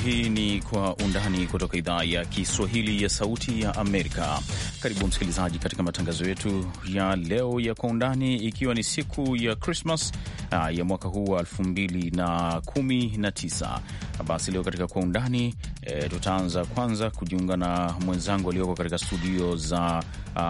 Hii ni Kwa Undani kutoka idhaa ya Kiswahili ya Sauti ya Amerika. Karibu msikilizaji, katika matangazo yetu ya leo ya Kwa Undani, ikiwa ni siku ya Krismas ah, ya mwaka huu wa 2019. Basi leo katika Kwa Undani e, tutaanza kwanza kujiunga na mwenzangu aliyoko katika studio za a,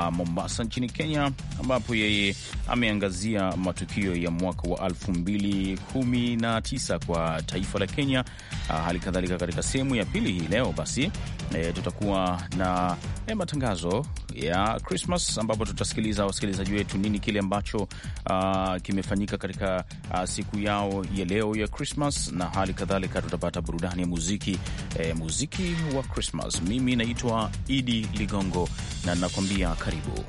ah, Mombasa nchini Kenya, ambapo yeye ameangazia matukio ya mwaka wa 2019 kwa taifa la Kenya. Ah, hali kadhalika kusikiliza katika sehemu ya pili hii leo. Basi e, tutakuwa na e, matangazo ya Christmas ambapo tutasikiliza wasikilizaji wetu nini kile ambacho uh, kimefanyika katika uh, siku yao ya leo ya Christmas, na hali kadhalika tutapata burudani ya muziki e, muziki wa Christmas. Mimi naitwa Idi Ligongo na ninakwambia karibu.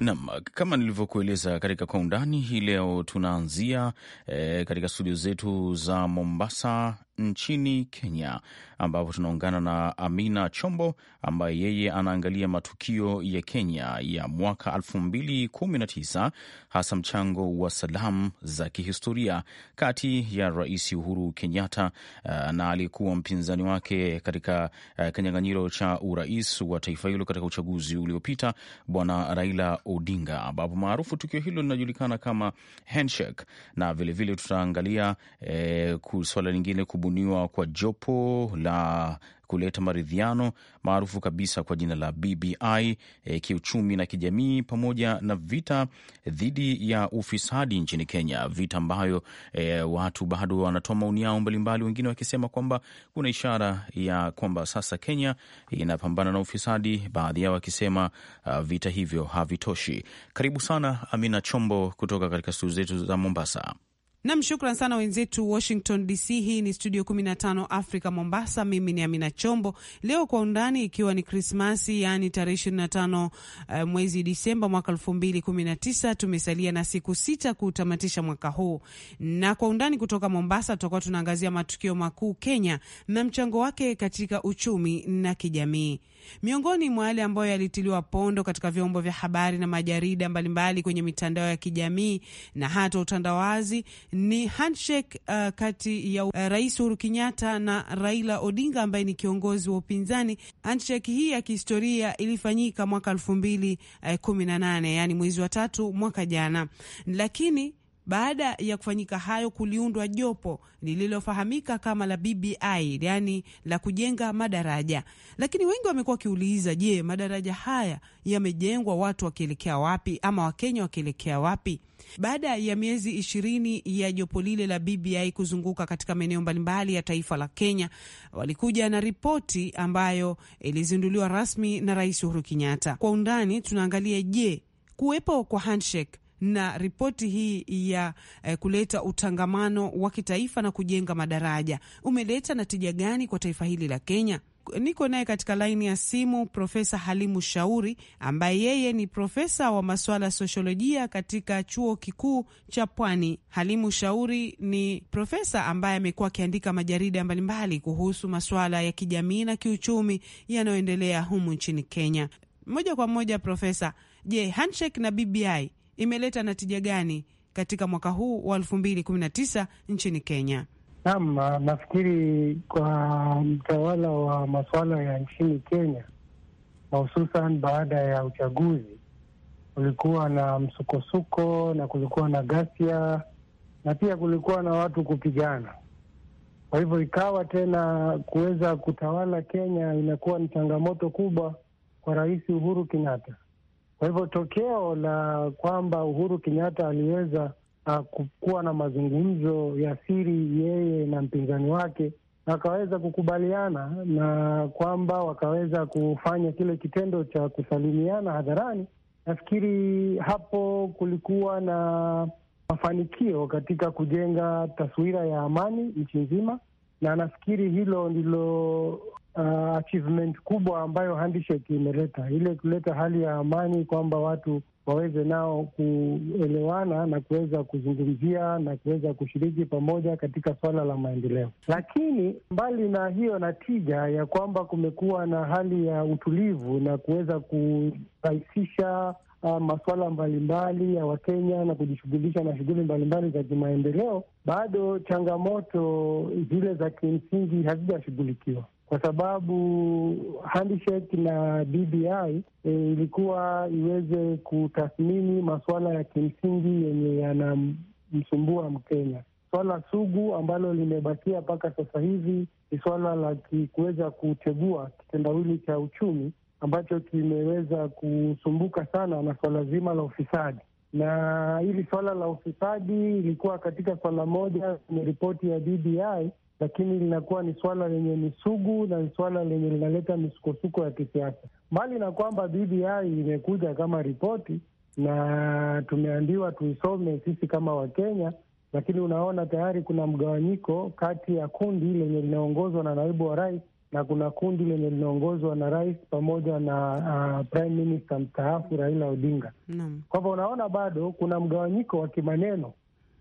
Nam, kama nilivyokueleza katika kwa undani hii leo, tunaanzia e, katika studio zetu za Mombasa nchini Kenya, ambapo tunaungana na Amina Chombo ambaye yeye anaangalia matukio ya Kenya ya mwaka 2019 hasa mchango wa salamu za kihistoria kati ya Rais Uhuru Kenyatta eh, na aliyekuwa mpinzani wake katika eh, kinyang'anyiro cha urais wa taifa hilo katika uchaguzi uliopita, Bwana Raila Odinga, ambapo maarufu tukio hilo linajulikana kama handshake, na vilevile tutaangalia e, swala lingine kubuniwa kwa jopo la kuleta maridhiano maarufu kabisa kwa jina la BBI e, eh, kiuchumi na kijamii, pamoja na vita dhidi ya ufisadi nchini Kenya, vita ambayo e, watu bado wanatoa maoni yao mbalimbali, wengine wakisema kwamba kuna ishara ya kwamba sasa Kenya inapambana na ufisadi, baadhi yao wakisema uh, vita hivyo havitoshi. Karibu sana Amina Chombo kutoka katika studio zetu za Mombasa. Nam, shukran sana wenzetu Washington DC. Hii ni Studio 15 Africa Mombasa. Mimi ni Amina Chombo. Leo kwa undani, ikiwa ni Krismasi, yaani tarehe 25 uh, eh, mwezi Disemba mwaka 2019. Tumesalia na siku sita kuutamatisha mwaka huu, na kwa undani kutoka Mombasa tutakuwa tunaangazia matukio makuu Kenya na mchango wake katika uchumi na kijamii. Miongoni mwa yale ambayo yalitiliwa pondo katika vyombo vya habari na majarida mbalimbali mbali kwenye mitandao ya kijamii na hata utandawazi ni handshake uh, kati ya uh, Rais Uhuru Kenyatta na Raila Odinga ambaye ni kiongozi wa upinzani. Handshake hii ya kihistoria ilifanyika mwaka elfu mbili uh, kumi na nane, yaani mwezi wa tatu mwaka jana, lakini baada ya kufanyika hayo, kuliundwa jopo lililofahamika kama la BBI, yaani la kujenga madaraja. Lakini wengi wamekuwa wakiuliza, je, madaraja haya yamejengwa watu wakielekea wapi, ama wakenya wakielekea wapi? Baada ya miezi ishirini ya jopo lile la BBI kuzunguka katika maeneo mbalimbali ya taifa la Kenya, walikuja na ripoti ambayo ilizinduliwa rasmi na Rais Uhuru Kenyatta. Kwa undani tunaangalia, je, kuwepo kwa handshake na ripoti hii ya eh, kuleta utangamano wa kitaifa na kujenga madaraja umeleta na tija gani kwa taifa hili la Kenya? Niko naye katika laini ya simu Profesa Halimu Shauri, ambaye yeye ni profesa wa masuala ya sosiolojia katika chuo kikuu cha Pwani. Halimu Shauri ni profesa ambaye amekuwa akiandika majarida mbalimbali kuhusu masuala ya kijamii na kiuchumi yanayoendelea humu nchini Kenya. Moja kwa moja, Profesa, je, handshake na BBI imeleta natija gani katika mwaka huu wa elfu mbili kumi na tisa nchini Kenya? Naam, nafikiri kwa mtawala wa masuala ya nchini Kenya, hususan baada ya uchaguzi, kulikuwa na msukosuko na kulikuwa na ghasia na pia kulikuwa na watu kupigana. Kwa hivyo ikawa tena kuweza kutawala Kenya inakuwa ni changamoto kubwa kwa Rais Uhuru Kenyatta. Kwa hivyo tokeo la kwamba Uhuru Kenyatta aliweza ah, kuwa na mazungumzo ya siri yeye na mpinzani wake akaweza kukubaliana na kwamba wakaweza kufanya kile kitendo cha kusalimiana hadharani. Nafikiri hapo kulikuwa na mafanikio katika kujenga taswira ya amani nchi nzima, na nafikiri hilo ndilo uh, achievement kubwa ambayo handshake imeleta, ile kuleta hali ya amani, kwamba watu waweze nao kuelewana na kuweza kuzungumzia na kuweza kushiriki pamoja katika suala la maendeleo. Lakini mbali na hiyo, na tija ya kwamba kumekuwa na hali ya utulivu na kuweza kurahisisha Uh, masuala mbalimbali ya Wakenya na kujishughulisha na shughuli mbalimbali za kimaendeleo, bado changamoto zile za kimsingi hazijashughulikiwa kwa sababu handshake na BBI e, ilikuwa iweze kutathmini masuala ya kimsingi yenye yanamsumbua Mkenya. Swala sugu ambalo limebakia mpaka sasa hivi ni swala la kuweza kutegua kitendawili cha uchumi ambacho kimeweza kusumbuka sana na swala zima la ufisadi na hili swala la ufisadi ilikuwa katika swala moja kwenye ripoti ya BBI lakini linakuwa ni swala lenye ni sugu na ni swala lenye linaleta misukosuko ya kisiasa, mbali na kwamba BBI imekuja kama ripoti na tumeambiwa tuisome sisi kama Wakenya, lakini unaona tayari kuna mgawanyiko kati ya kundi lenye linaongozwa na naibu wa rais na kuna kundi lenye linaongozwa na rais pamoja na uh, prime minister mstaafu Raila Odinga. Kwa hivyo unaona bado kuna mgawanyiko wa kimaneno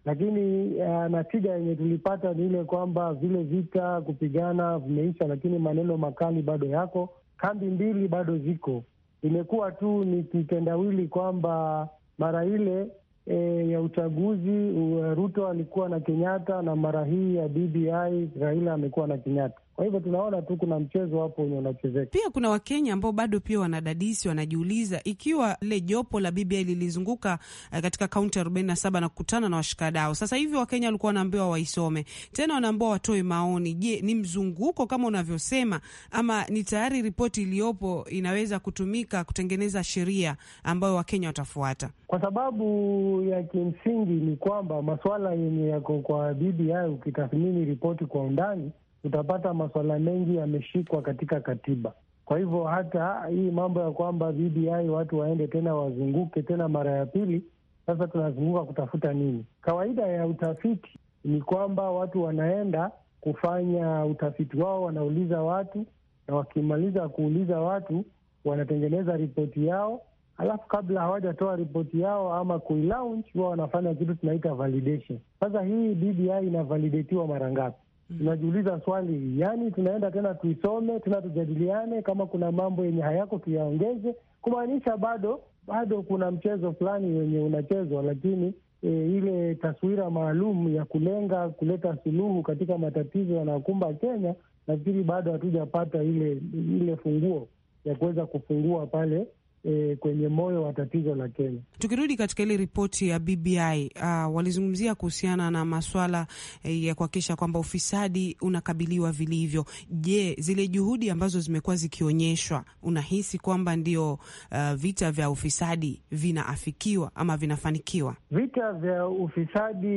lakini uh, natija yenye tulipata ni ile kwamba vile vita kupigana vimeisha, lakini maneno makali bado yako. Kambi mbili bado ziko, imekuwa tu ni kitendawili kwamba mara ile e, ya uchaguzi eh, Ruto alikuwa na Kenyatta na mara hii ya BBI Raila amekuwa na Kenyatta. Kwa hivyo tunaona tu kuna mchezo hapo wenye unachezeka. Pia kuna Wakenya ambao bado pia wanadadisi, wanajiuliza ikiwa lile jopo la BBI lilizunguka eh, katika kaunti arobaini na saba na kukutana na washikadau. Sasa hivi Wakenya walikuwa wanaambiwa waisome tena, wanaambiwa watoe maoni. Je, ni mzunguko kama unavyosema, ama ni tayari ripoti iliyopo inaweza kutumika kutengeneza sheria ambayo Wakenya watafuata? Kwa sababu ya kimsingi ni kwamba maswala yenye yako kwa BBI, ukitathmini ripoti kwa undani utapata masuala mengi yameshikwa katika katiba. Kwa hivyo hata hii mambo ya kwamba BBI watu waende tena wazunguke tena mara ya pili, sasa tunazunguka kutafuta nini? Kawaida ya utafiti ni kwamba watu wanaenda kufanya utafiti wao, wanauliza watu, na wakimaliza kuuliza watu wanatengeneza ripoti yao, alafu kabla hawajatoa ripoti yao ama kuilaunch, huwa wanafanya kitu tunaita validation. Sasa hii BBI inavalidatiwa mara ngapi? Mm. tunajiuliza swali, yani tunaenda tena tuisome tena tujadiliane, kama kuna mambo yenye hayako tuyaongeze, kumaanisha bado bado kuna mchezo fulani wenye unachezwa, lakini e, ile taswira maalum ya kulenga kuleta suluhu katika matatizo yanayokumba Kenya, nafikiri bado hatujapata ile ile funguo ya kuweza kufungua pale E, kwenye moyo wa tatizo la Kenya. Tukirudi katika ile ripoti ya BBI uh, walizungumzia kuhusiana na maswala eh, ya kuhakikisha kwamba ufisadi unakabiliwa vilivyo. Je, zile juhudi ambazo zimekuwa zikionyeshwa unahisi kwamba ndio uh, vita vya ufisadi vinaafikiwa ama vinafanikiwa? Vita vya ufisadi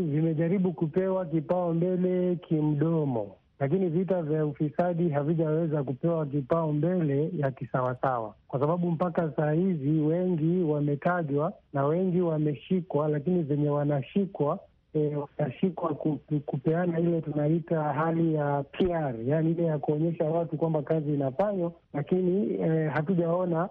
vimejaribu kupewa kipao mbele kimdomo lakini vita vya ufisadi havijaweza kupewa kipao mbele ya kisawasawa, kwa sababu mpaka saa hizi wengi wametajwa na wengi wameshikwa, lakini zenye wanashikwa watashikwa e, kupeana ile tunaita hali ya PR, yaani ile ya kuonyesha watu kwamba kazi inafanywa, lakini e, hatujaona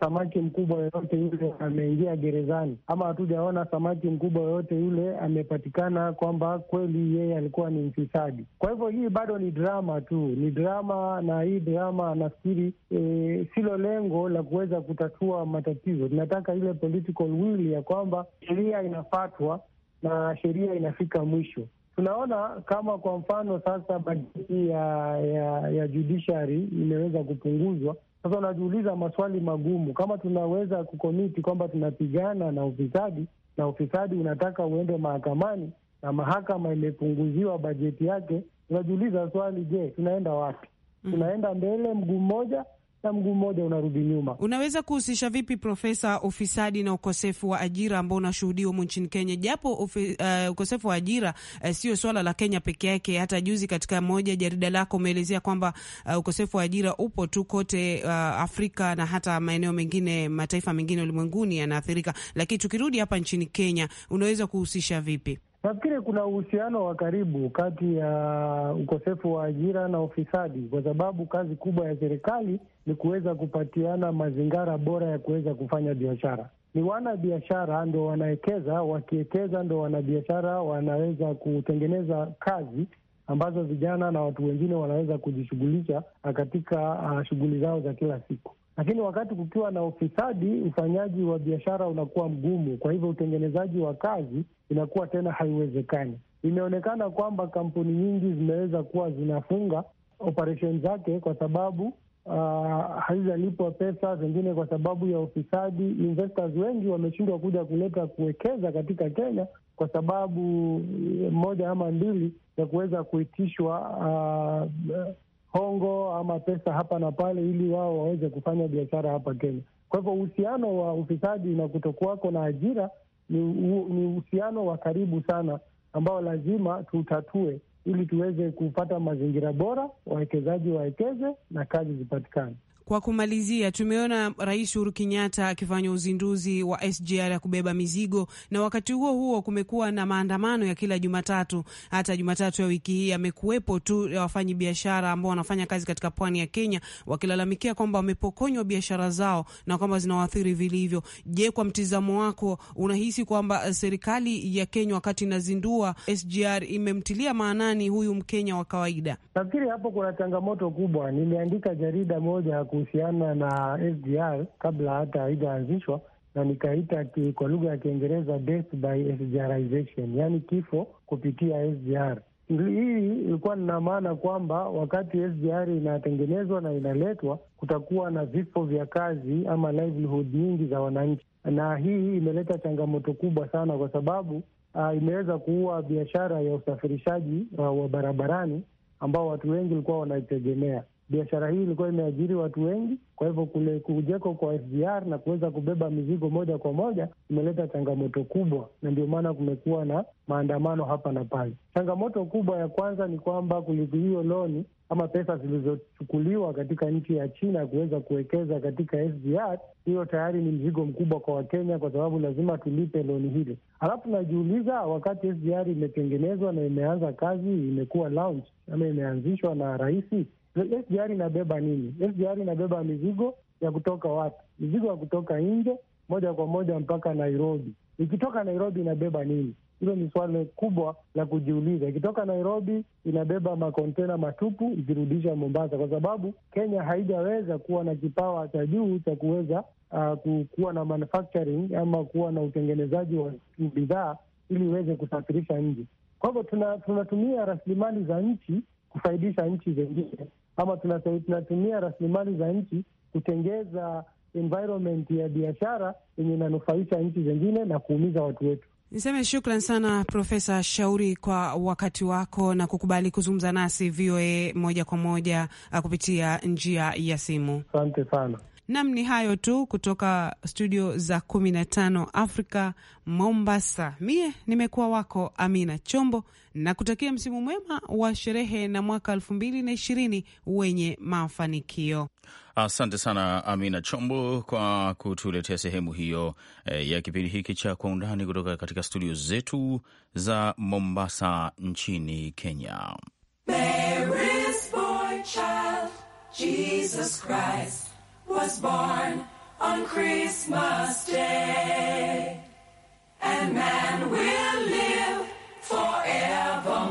samaki mkubwa yoyote yule ameingia gerezani ama hatujaona samaki mkubwa yoyote yule amepatikana kwamba kweli yeye alikuwa ni mfisadi. Kwa hivyo hii bado ni drama tu, ni drama, na hii drama nafikiri e, silo lengo la kuweza kutatua matatizo. Tunataka ile political will ya kwamba sheria inafatwa na sheria inafika mwisho. Tunaona kama kwa mfano sasa bajeti ya, ya, ya judiciary imeweza kupunguzwa. Sasa unajiuliza maswali magumu, kama tunaweza kukomiti kwamba tunapigana na ufisadi na ufisadi unataka uende mahakamani na mahakama imepunguziwa bajeti yake, unajiuliza swali, je, tunaenda wapi? Mm. Tunaenda mbele mguu mmoja na mguu mmoja unarudi nyuma. Unaweza kuhusisha vipi, Profesa, ufisadi na ukosefu wa ajira ambao unashuhudiwa humu nchini Kenya? Japo ufi, uh, ukosefu wa ajira uh, sio swala la Kenya peke yake. Hata juzi katika moja jarida lako umeelezea kwamba uh, ukosefu wa ajira upo tu kote uh, Afrika na hata maeneo mengine, mataifa mengine ulimwenguni yanaathirika, lakini tukirudi hapa nchini Kenya, unaweza kuhusisha vipi? Nafikiri kuna uhusiano wa karibu kati ya ukosefu wa ajira na ufisadi, kwa sababu kazi kubwa ya serikali ni kuweza kupatiana mazingira bora ya kuweza kufanya biashara. Ni wanabiashara ndo wanawekeza, wakiwekeza ndo wanabiashara wanaweza kutengeneza kazi ambazo vijana na watu wengine wanaweza kujishughulisha katika uh, shughuli zao za kila siku. Lakini wakati kukiwa na ufisadi, ufanyaji wa biashara unakuwa mgumu, kwa hivyo utengenezaji wa kazi inakuwa tena haiwezekani. Imeonekana kwamba kampuni nyingi zimeweza kuwa zinafunga operesheni zake kwa sababu uh, ah, haizalipwa pesa, zingine kwa sababu ya ufisadi. Investors wengi wameshindwa kuja kuleta kuwekeza katika Kenya kwa sababu eh, moja ama mbili ya kuweza kuitishwa uh, hongo ama pesa hapa na pale, ili wao waweze kufanya biashara hapa Kenya. Kwa hivyo uhusiano wa ufisadi na kutokuwako na ajira ni uhusiano wa karibu sana ambao lazima tutatue, ili tuweze kupata mazingira bora, wawekezaji wawekeze na kazi zipatikane. Kwa kumalizia, tumeona Rais Uhuru Kenyatta akifanya uzinduzi wa SGR ya kubeba mizigo, na wakati huo huo kumekuwa na maandamano ya kila Jumatatu. Hata Jumatatu ya wiki hii amekuwepo tu wafanyi biashara ambao wanafanya kazi katika pwani ya Kenya wakilalamikia kwamba wamepokonywa biashara zao na kwamba zinawaathiri vilivyo. Je, kwa mtizamo wako unahisi kwamba serikali ya Kenya wakati inazindua SGR imemtilia maanani huyu Mkenya wa kawaida? Nafikiri hapo kuna changamoto kubwa. Nimeandika jarida moja haku kuhusiana na SGR kabla hata haijaanzishwa, na nikaita kwa lugha ya Kiingereza death by SGRization, yaani kifo kupitia SGR. Hii ilikuwa nina maana kwamba wakati SGR inatengenezwa na inaletwa, kutakuwa na vifo vya kazi ama livelihood nyingi za wananchi, na hii imeleta changamoto kubwa sana kwa sababu uh, imeweza kuua biashara ya usafirishaji uh, wa barabarani ambao watu wengi walikuwa wanaitegemea biashara hii ilikuwa imeajiri watu wengi. Kwa hivyo kule kujeko kwa SGR na kuweza kubeba mizigo moja kwa moja imeleta changamoto kubwa, na ndio maana kumekuwa na maandamano hapa na pale. Changamoto kubwa ya kwanza ni kwamba hiyo loni ama pesa zilizochukuliwa katika nchi ya China kuweza kuwekeza katika SGR, hiyo tayari ni mzigo mkubwa kwa Wakenya kwa sababu lazima tulipe loni hili. Alafu najiuliza, wakati SGR imetengenezwa na imeanza kazi, imekuwa launch ama imeanzishwa na rahisi SGR inabeba nini? SGR inabeba mizigo ya kutoka wapi? Mizigo ya kutoka nje moja kwa moja mpaka Nairobi. Ikitoka Nairobi inabeba nini? Hilo ni swala kubwa la kujiuliza. Ikitoka Nairobi inabeba makontena matupu ikirudisha Mombasa, kwa sababu Kenya haijaweza kuwa na kipawa cha juu cha kuweza uh, kuwa na manufacturing ama kuwa na utengenezaji wa bidhaa ili iweze kusafirisha nje. Kwa hivyo tunatumia tuna rasilimali za nchi kufaidisha nchi zengine, ama tunatumia rasilimali za nchi kutengeza environment ya biashara yenye inanufaisha nchi zengine na kuumiza watu wetu. Niseme shukran sana Profesa Shauri kwa wakati wako na kukubali kuzungumza nasi VOA moja kwa moja uh, kupitia njia ya simu. Asante sana. Nam, ni hayo tu kutoka studio za 15 Afrika Mombasa. Mie nimekuwa wako Amina Chombo na kutakia msimu mwema wa sherehe na mwaka elfu mbili na ishirini wenye mafanikio. Asante sana Amina Chombo kwa kutuletea sehemu hiyo e, ya kipindi hiki cha Kwa Undani kutoka katika studio zetu za Mombasa nchini Kenya. Mary's child, Jesus Christ. was born on Christmas Day, and man will live forever.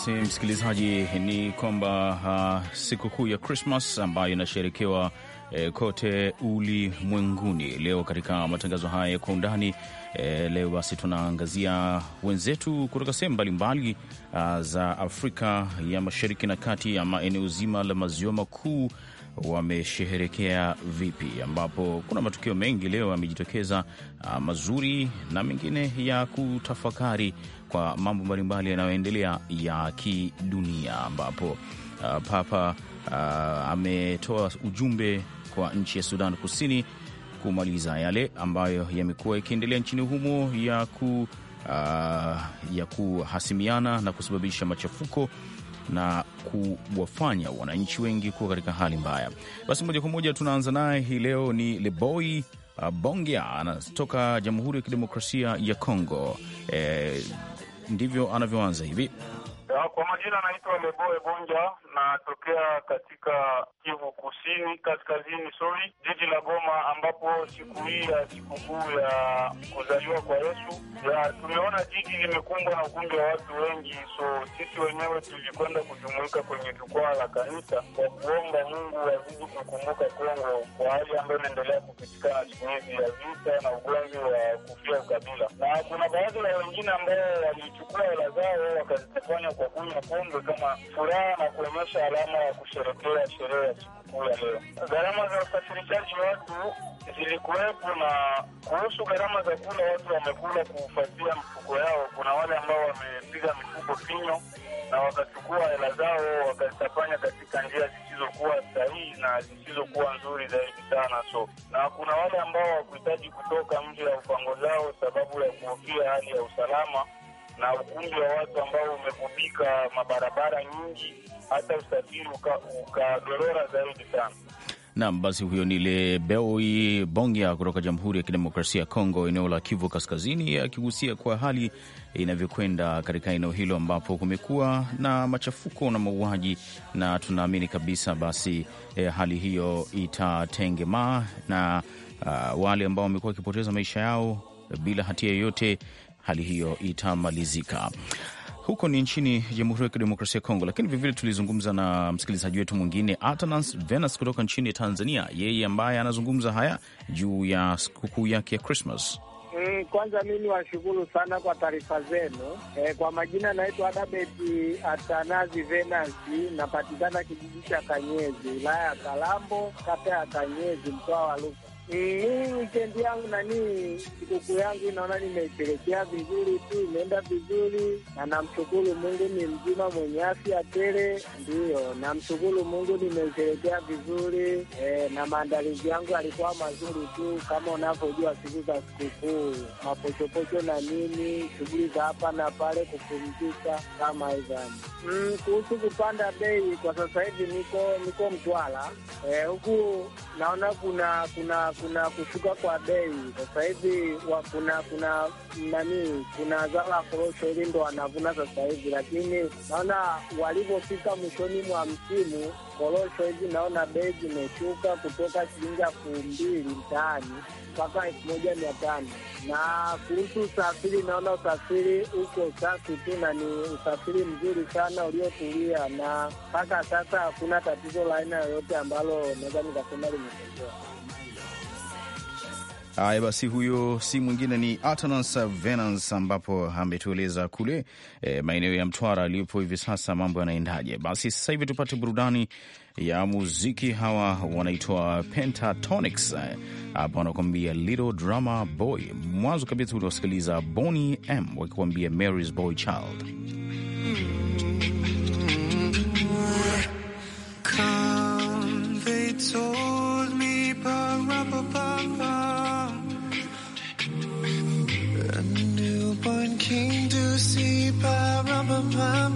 basi msikilizaji, ni kwamba uh, ah, sikukuu ya Krismas ambayo inasherekewa eh, kote ulimwenguni leo. Katika matangazo haya ya kwa undani eh, leo basi tunaangazia wenzetu kutoka sehemu mbalimbali uh, za Afrika ya Mashariki na Kati ama eneo zima la maziwa makuu wamesheherekea vipi, ambapo kuna matukio mengi leo yamejitokeza, uh, mazuri na mengine ya kutafakari kwa mambo mbalimbali yanayoendelea ya kidunia, ambapo uh, Papa uh, ametoa ujumbe kwa nchi ya Sudan Kusini kumaliza yale ambayo yamekuwa yakiendelea nchini humo ya, ku, uh, ya kuhasimiana na kusababisha machafuko na kuwafanya wananchi wengi kuwa katika hali mbaya. Basi moja kwa moja tunaanza naye hii leo ni Leboi uh, Bongia anatoka Jamhuri ya Kidemokrasia ya Kongo. E, eh, ndivyo anavyoanza hivi. Kwa majina anaitwa Leboe Bonja, natokea katika Kivu Kusini, kaskazini, sorry, jiji la Goma, ambapo siku hii ya sikukuu ya kuzaliwa kwa Yesu ya tumeona jiji limekumbwa na ukumbi wa watu wengi, so sisi wenyewe tulikwenda kujumuika kwenye jukwaa la kanisa kwa kuomba Mungu azidi kukumbuka Kongo kwa hali ambayo inaendelea kupitikana siku hizi ya vita na ugonjwa wa kufia ukabila, na kuna baadhi ya wengine ambao walichukua hela zao wakazifanya kwa kunywa pombe kama furaha na kuonyesha alama ya kusherekea sherehe ya sikukuu ya leo. Gharama za usafirishaji watu zilikuwepo, na kuhusu gharama za kula, watu wamekula kufatia mifuko yao. Kuna wale ambao wamepiga mifuko pinyo na wakachukua hela zao wakazitafanya katika njia zisizokuwa sahihi na zisizokuwa nzuri zaidi sana. So na kuna wale ambao hawakuhitaji kutoka nje ya upango zao sababu ya kuhofia hali ya usalama na ukumbi wa watu ambao umegubika mabarabara nyingi, hata usafiri ukadorora uka zaidi sana. Nam, basi huyo ni Leboi Bongya kutoka Jamhuri ya Kidemokrasia ya Kongo, eneo la Kivu Kaskazini, akigusia kwa hali inavyokwenda katika eneo hilo ambapo kumekuwa na machafuko na mauaji, na tunaamini kabisa basi eh, hali hiyo itatengemaa na uh, wale ambao wamekuwa wakipoteza maisha yao bila hatia yoyote, hali hiyo itamalizika huko ni nchini Jamhuri ya Kidemokrasia ya Kongo. Lakini vilevile tulizungumza na msikilizaji wetu mwingine Atanas Venus kutoka nchini Tanzania, yeye ambaye anazungumza haya juu ya sikukuu yake ya Christmas. Mm, kwanza mimi washukuru sana kwa taarifa zenu. E, kwa majina naitwa Adabeti Atanazi Venasi, napatikana kijiji cha Kanyezi, wilaya ya Kalambo, kata ya Kanyezi, mkoa wa Rukwa. Mimi eh, wikendi yangu nanii, sikukuu yangu naona nimeipelekea vizuri tu, imeenda vizuri na namshukuru Mungu, ni mzima mwenye afya tele. Ndiyo, namshukuru Mungu, nimeipelekea vizuri e, na maandalizi yangu alikuwa mazuri tu, kama unavyojua siku za sikukuu, mapochopocho na nini, shughuli za hapa na pale, kupumzika kama hivani. Mm, kuhusu kupanda bei kwa sasa hivi niko niko Mtwara e, huku naona kuna kuna kuna kushuka kwa bei sasa hivi, kuna kuna nani, kuna zao la korosho hili ndo wanavuna sasa hivi, lakini naona walivyofika mwishoni mwa msimu korosho hizi naona bei zimeshuka kutoka shilingi elfu mbili mtaani mpaka elfu moja mia tano na kuhusu usafiri, naona usafiri uko safi tu na ni usafiri mzuri sana uliotulia, na mpaka sasa hakuna tatizo la aina yoyote ambalo naweza nikasema limetokea. Haya basi, huyo si mwingine ni Atanas Venans, ambapo ametueleza kule e, maeneo ya Mtwara aliyopo hivi sasa mambo yanaendaje. Basi sasa hivi tupate burudani ya muziki. Hawa wanaitwa Pentatonix, eh, hapa wanakuambia Little Drama Boy. Mwanzo kabisa uliwasikiliza bony M wakikwambia Mary's Boy Child. mm -hmm. time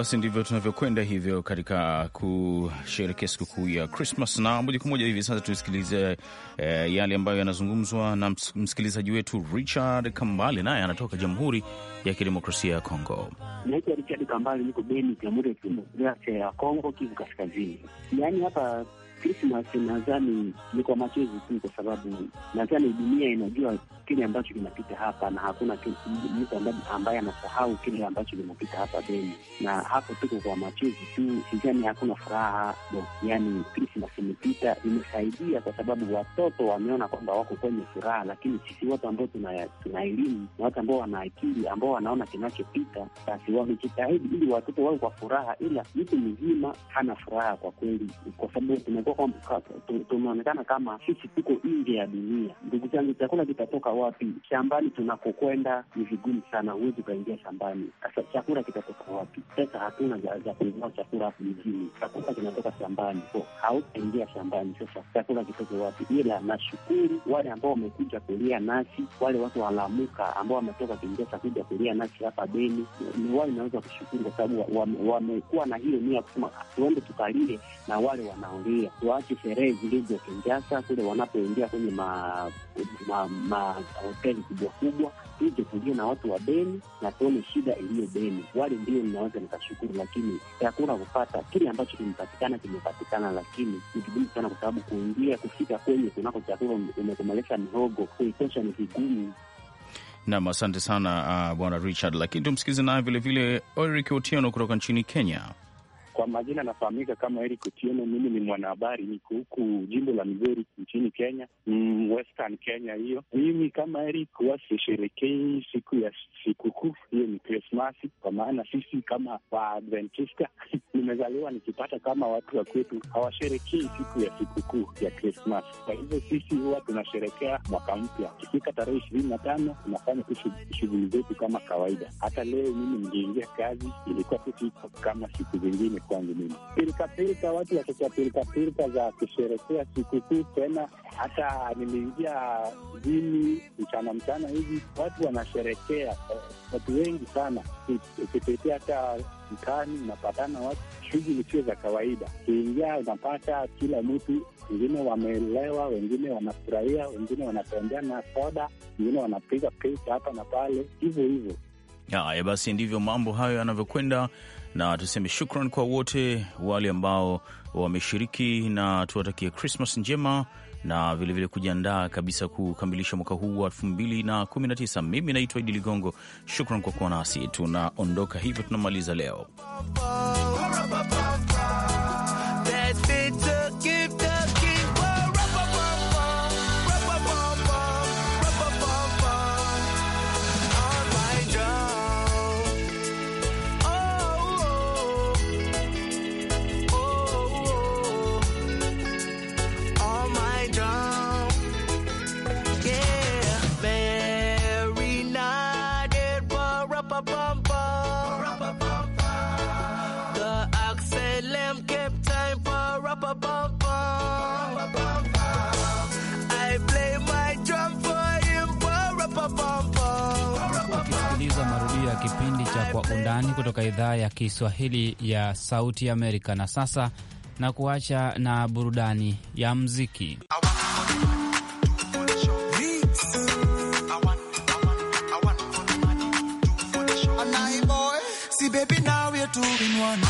basi ndivyo tunavyokwenda hivyo katika kusherekea sikukuu ya Krismas, na moja kwa moja hivi sasa tusikilize eh, yale ambayo yanazungumzwa na msikilizaji wetu Richard Kambale, naye anatoka Jamhuri ya Kidemokrasia ya Kongo. Naitwa Richard Kambale, niko Beni, Jamhuri ya Kidemokrasia ya Kongo, Kivu Kaskazini. Yaani hapa Krismas nadhani ni kwa machozi tu, kwa sababu nadhani dunia inajua kile ambacho kinapita hapa, na hakuna mtu ambaye anasahau kile ambacho kimepita hapa Beni, na hapo tuko kwa machezi tu, Sijani hakuna furaha bo, Yani Krismas imepita imesaidia, kwa sababu watoto wameona kwamba wako kwenye furaha, lakini sisi watu ambao tuna elimu na watu ambao wana akili ambao wanaona kinachopita, basi wamejitahidi ili watoto wawe kwa furaha, ila mtu mzima hana furaha kwa kweli, kwa sababu tunakuwa tumeonekana kama sisi tuko nje ya dunia. Ndugu zangu, chakula kitatoka wapi? Shambani tunakokwenda ni vigumu sana, huwezi ukaingia shambani. Sasa chakula kitatoka wapi? Pesa hatuna za kununua chakula hapo mjini, chakula kinatoka shambani, so hautaingia shambani. Sasa chakula kitoke wapi? Ila nashukuru wale ambao wamekuja kulia nasi, wale watu walamuka ambao wametoka Kinjasa kuja kulia nasi hapa Beni, ni wale inaweza kushukuru kwa sababu wamekuwa na hiyo nia kusema ah, tuende tukalie na wale wanaolia, tuache sherehe zilizo Kinjasa kule wanapoingia kwenye ma, ma, ma hoteli kubwa kubwa, tuje tulio na watu wa Beni na tuone shida iliyo Beni. Wale ndio ninaweza nikashukuru, lakini hakuna kupata kile ambacho kimepatikana, kimepatikana lakini ni kigumu sana, kwa sababu kuingia kufika kwenye kunako chakula umekomelesha mihogo kuitosha ni vigumu. Nam, asante sana uh, Bwana Richard, lakini tumsikilize naye vilevile Eric Otieno kutoka nchini Kenya. Kwa majina anafahamika kama Eric Otieno. Mimi ni mwanahabari, niko huku jimbo la Migori nchini Kenya, mm, Western Kenya. Hiyo mimi kama Eric huwa sisherekei siku ya sikukuu, hiyo ni Krismasi, kwa maana sisi kama Waadventista nimezaliwa nikipata kama watu wa kwetu hawasherekei siku ya sikukuu ya Krismas. Kwa hivyo sisi huwa tunasherekea mwaka mpya, kifika tarehe ishirini na tano tunafanya tu shughuli zetu kama kawaida. Hata leo mimi niliingia kazi, ilikuwa tu siku kama siku zingine kwangu. Mimi pirikapirika, watu watokea pirikapirika za kusherekea sikukuu tena. Hata niliingia jini mchana mchana hivi, watu wanasherekea, eh, watu wengi sana, ukipitia hata dukani, unapatana watu, shughuli sio za kawaida. Ukiingia unapata kila mtu, wengine wamelewa, wengine wanafurahia, wengine wanatembea na soda, wengine wanapiga picha hapa na pale, hivyo hivyo. Haya basi, ndivyo mambo hayo yanavyokwenda, na tuseme shukran kwa wote wale ambao wameshiriki, na tuwatakie Krismas njema na vilevile kujiandaa kabisa kukamilisha mwaka huu wa 2019. Mimi naitwa Idi Ligongo, shukran kwa kuwa nasi. Tunaondoka hivyo, tunamaliza leo. undani kutoka idhaa ya Kiswahili ya Sauti Amerika. Na sasa na kuacha na burudani ya mziki. I want, I want, I want,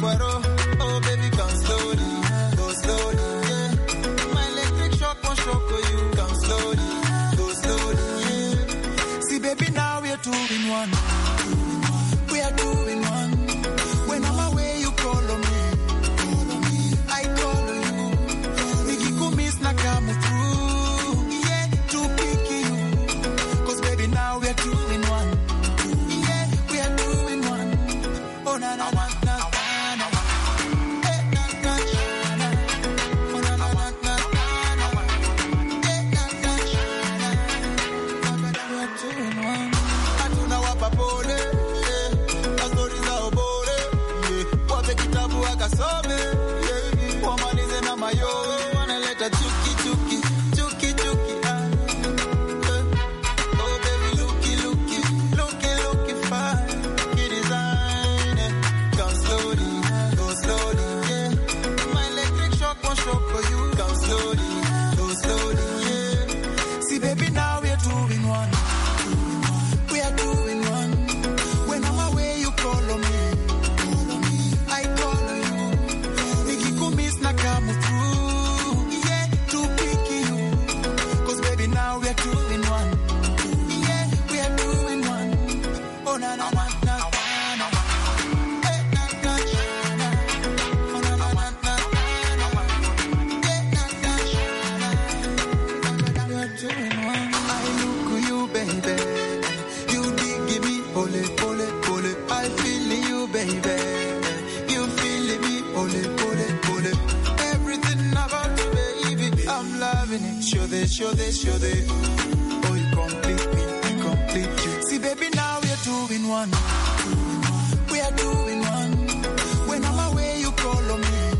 cuero Oh, you complete me, you complete you. See, baby, now we are doing one. We are doing one. When I'm away, you call on me.